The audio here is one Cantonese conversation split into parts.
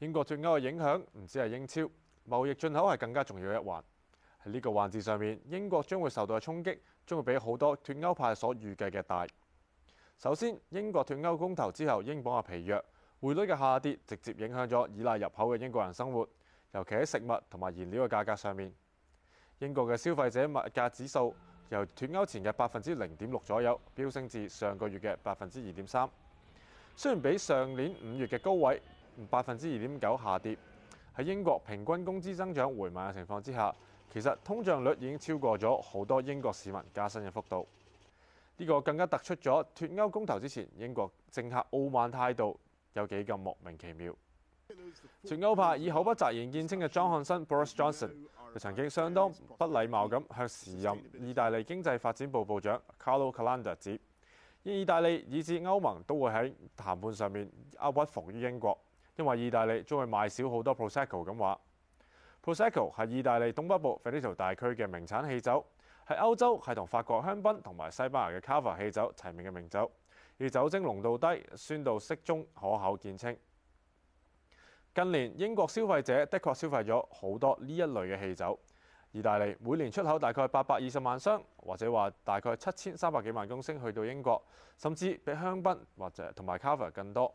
英國脱歐嘅影響唔止係英超，貿易進口係更加重要嘅一環。喺呢個環節上面，英國將會受到嘅衝擊，將會比好多脱歐派所預計嘅大。首先，英國脱歐公投之後，英鎊嘅疲弱、匯率嘅下跌，直接影響咗依賴入口嘅英國人生活，尤其喺食物同埋燃料嘅價格上面。英國嘅消費者物價指數由脱歐前嘅百分之零點六左右，飆升至上個月嘅百分之二點三。雖然比上年五月嘅高位百分之二點九下跌，喺英國平均工資增長緩慢嘅情況之下，其實通脹率已經超過咗好多英國市民加薪嘅幅度。呢個更加突出咗脱歐公投之前英國政客傲慢態度有幾咁莫名其妙。脱歐派以口不擇言見稱嘅莊漢生 （Boris Johnson） 佢曾經相當不禮貌咁向時任意大利經濟發展部部長卡洛·克拉納指，意意大利以至歐盟都會喺談判上面屈服於英國。因為意大利將會賣少好多 Prosecco 咁話，Prosecco 係意大利東北部 Veneto 大區嘅名產氣酒，喺歐洲係同法國香檳同埋西班牙嘅 Cava 氣酒齊名嘅名酒，而酒精濃度低、酸度適中、可口見稱。近年英國消費者的確消費咗好多呢一類嘅氣酒，意大利每年出口大概八百二十萬箱，或者話大概七千三百幾萬公升去到英國，甚至比香檳或者同埋 Cava 更多。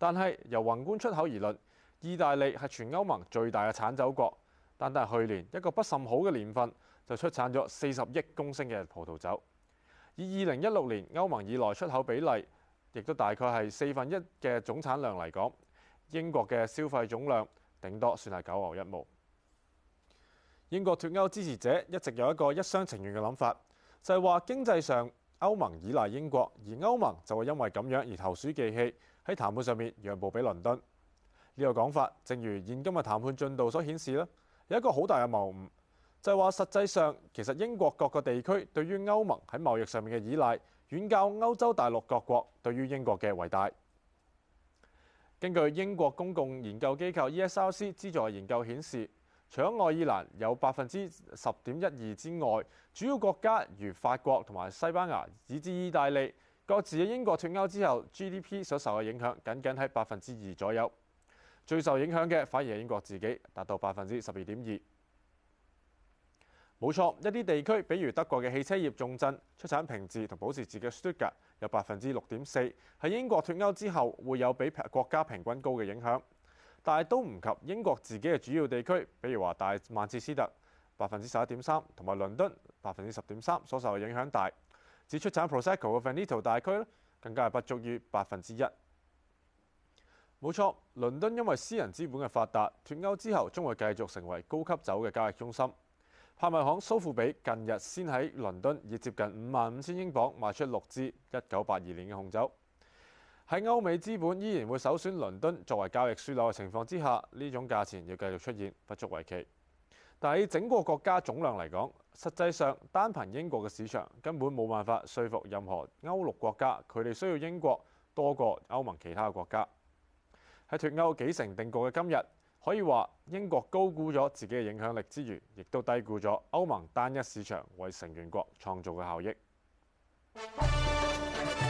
但係由宏觀出口而論，意大利係全歐盟最大嘅產酒國，單單去年一個不甚好嘅年份就出產咗四十億公升嘅葡萄酒。以二零一六年歐盟以來出口比例，亦都大概係四分一嘅總產量嚟講，英國嘅消費總量頂多算係九牛一毛。英國脫歐支持者一直有一個一廂情願嘅諗法，就係話經濟上，歐盟依賴英國，而歐盟就會因為咁樣而投鼠忌器，喺談判上面讓步俾倫敦呢、呢個講法，正如現今嘅談判進度所顯示呢，有一個好大嘅謬誤，就係、係、話實際上其實英國各個地區對於歐盟喺貿易上面嘅依賴，遠較歐洲大陸各國對於英國嘅為大。根據英國公共研究機構 ESRC 資助嘅研究顯示。除咗愛爾蘭有百分之十點一二之外，主要國家如法國同埋西班牙以至意大利，各自喺英國脱歐之後 GDP 所受嘅影響，僅僅喺百分之二左右。最受影響嘅反而係英國自己，達到百分之十二點二。冇錯，一啲地區，比如德國嘅汽車業重鎮、出產平治同保時捷嘅 Stuttgart，有百分之六點四，喺英國脱歐之後會有比國家平均高嘅影響。但係都唔及英國自己嘅主要地區，比如話大曼徹斯特百分之十一點三，同埋倫敦百分之十點三所受嘅影響大。只出產 Prosecco 嘅 Veneto 大區更加係不足於百分之一。冇錯，倫敦因為私人資本嘅發達，脱歐之後將會繼續成為高級酒嘅交易中心。拍賣行蘇富比近日先喺倫敦以接近五萬五千英鎊賣出六支一九八二年嘅紅酒。喺歐美資本依然會首選倫敦作為交易樞紐嘅情況之下，呢種價錢要繼續出現不足為奇。但喺整個國家總量嚟講，實際上單憑英國嘅市場根本冇辦法說服任何歐陸國家，佢哋需要英國多過歐盟其他嘅國家。喺脱歐幾成定局嘅今日，可以話英國高估咗自己嘅影響力之餘，亦都低估咗歐盟單一市場為成員國創造嘅效益。